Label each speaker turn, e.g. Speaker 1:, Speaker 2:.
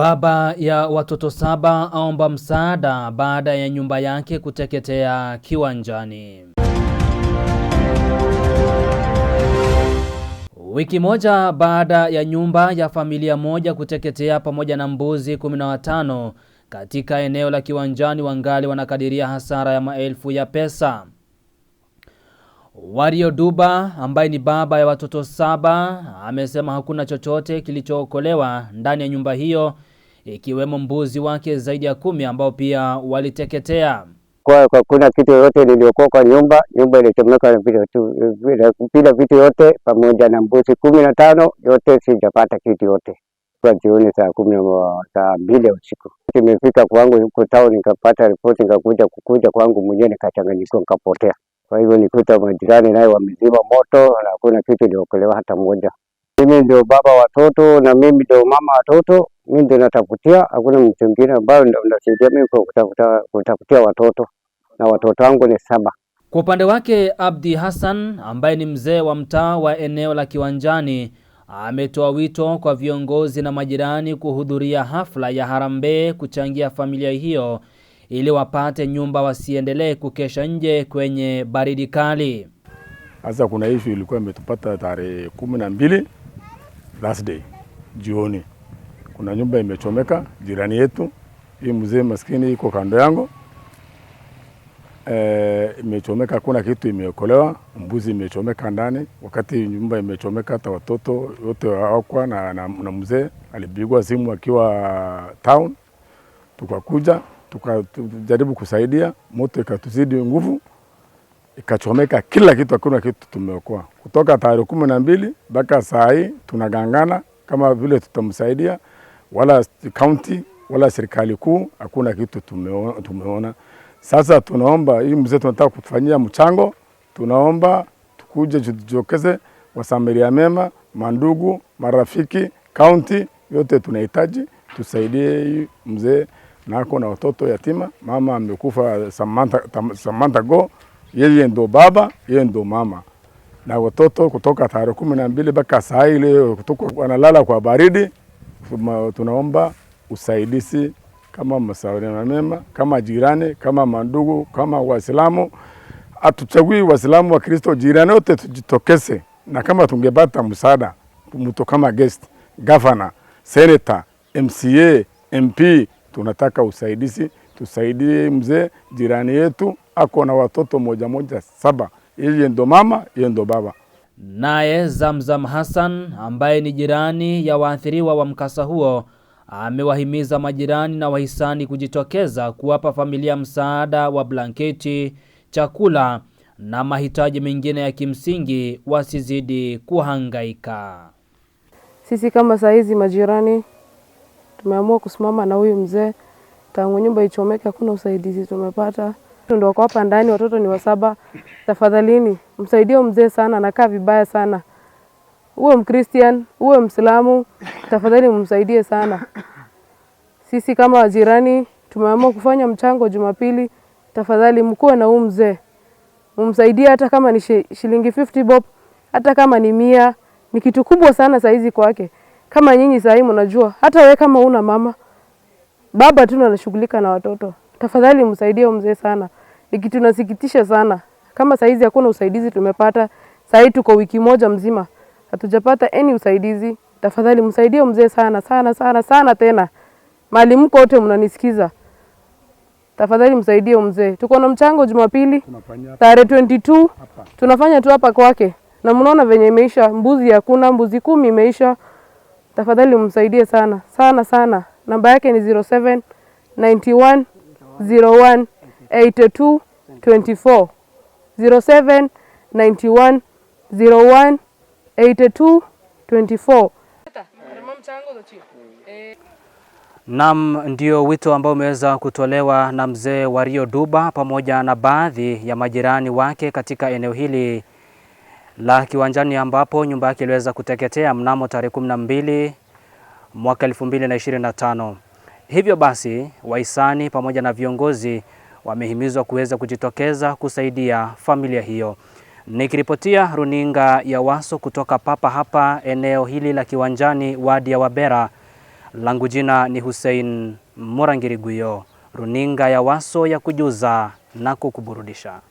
Speaker 1: Baba ya watoto saba aomba msaada baada ya nyumba yake kuteketea kiwanjani. Wiki moja baada ya nyumba ya familia moja kuteketea pamoja na mbuzi 15 katika eneo la Kiwanjani, wangali wanakadiria hasara ya maelfu ya pesa. Wario Duba ambaye ni baba ya watoto saba amesema hakuna chochote kilichookolewa ndani ya nyumba hiyo ikiwemo mbuzi wake zaidi ya kumi ambao pia waliteketea.
Speaker 2: Kwa, kwa kitu yoyote liliokoka nyumba nyumba ilichomeka bila vitu yote pamoja na mbuzi kumi na tano yote, sijapata kitu yote kwa jioni saa kumi na saa mbili ya usiku imefika kwangu huko town, nikapata ripoti nikakuja kukuja kwangu mwenyewe nikachanganyikiwa nikapotea. Kwa hivyo nikuta majirani naye wamezima moto na hakuna kitu iliokolewa hata moja. Mimi ndio baba watoto na mimi ndio mama watoto, mimi ndio natafutia, hakuna mtu mwingine ambaye ndasaidia mimi kutafuta, kutafutia watoto na watoto wangu ni saba.
Speaker 1: Kwa upande wake Abdi Hassan ambaye ni mzee wa mtaa wa eneo la Kiwanjani ametoa wito kwa viongozi na majirani kuhudhuria hafla ya harambee kuchangia familia hiyo ili wapate nyumba, wasiendelee kukesha nje kwenye baridi kali.
Speaker 3: Sasa kuna ishu ilikuwa imetupata tarehe kumi na mbili last day jioni, kuna nyumba imechomeka jirani yetu, hii mzee maskini iko kando yangu e, imechomeka, kuna kitu imeokolewa, mbuzi imechomeka ndani. Wakati nyumba imechomeka, hata watoto wote wakwa na, na, na mzee alipigwa simu akiwa town, tukakuja tukajaribu kusaidia, moto ikatuzidi nguvu ikachomeka kila kitu, hakuna kitu tumeokoa. Kutoka tarehe kumi na mbili mpaka saa hii tunagangana kama vile tutamsaidia wala kaunti wala serikali kuu, hakuna kitu tumeona, tumeona. Sasa tunaomba hii mzee, tunataka kutufanyia mchango, tunaomba tukuje tujitokeze, wasamaria mema, mandugu, marafiki, kaunti yote tunahitaji tusaidie hii mzee nako na watoto yatima. Mama amekufa Samantha, Samantha go, yeye ndo baba, yeye ndo mama na watoto kutoka tarehe kumi na mbili mpaka saa ile kutoka wanalala kwa baridi tunaomba usaidizi kama masawaliana mema, kama jirani, kama mandugu, kama Waislamu. Hatuchagui Waislamu wa Kristo, jirani wote tujitokeze, na kama tungepata msaada mtu kama guest gafana seneta MCA, MP, tunataka usaidizi, tusaidie mzee jirani yetu ako na watoto moja moja saba, yeye ndo mama, yeye ndo baba.
Speaker 1: Naye Zamzam Hassan ambaye ni jirani ya waathiriwa wa mkasa huo amewahimiza majirani na wahisani kujitokeza kuwapa familia msaada wa blanketi, chakula na mahitaji mengine ya kimsingi wasizidi kuhangaika.
Speaker 4: Sisi kama hizi majirani tumeamua kusimama na huyu mzee tangu nyumba ichomeke, hakuna usaidizi tumepata. Ndio wako hapa ndani, watoto ni wasaba. Tafadhalini msaidie mzee sana, anakaa vibaya sana. Uwe Mkristian uwe Mslamu, tafadhali msaidie sana. Sisi kama wajirani tumeamua kufanya mchango Jumapili, tafadhali mkuwe na huu mzee, mumsaidie hata kama ni shilingi 50 bob, hata kama ni mia. Ni kitu kubwa sana saizi kwake. Kama nyinyi sahii mnajua, hata wewe kama una mama baba tu anashughulika na watoto, tafadhali msaidie mzee sana ni kitu nasikitisha sana. Kama saizi hakuna usaidizi tumepata, sahii tuko wiki moja mzima hatujapata any usaidizi. Tafadhali msaidie mzee sana sana sana sana, tena mali mko wote mnanisikiza, tafadhali msaidie mzee. Tuko na mchango Jumapili tarehe 22 tunafanya tu hapa kwake, na mnaona venye imeisha. Mbuzi hakuna, mbuzi kumi imeisha. Tafadhali msaidie sana sana sana. Namba yake ni 07 91 01
Speaker 1: Nam, ndio wito ambao umeweza kutolewa na mzee Wario Duba pamoja na baadhi ya majirani wake katika eneo hili la Kiwanjani ambapo nyumba yake iliweza kuteketea mnamo tarehe 12 mwaka 2025. Hivyo basi, wahisani pamoja na viongozi wamehimizwa kuweza kujitokeza kusaidia familia hiyo. Nikiripotia runinga ya Waso kutoka papa hapa eneo hili la Kiwanjani, wadi ya Wabera, langu jina ni Hussein Murangiriguyo, runinga ya Waso ya kujuza na kukuburudisha.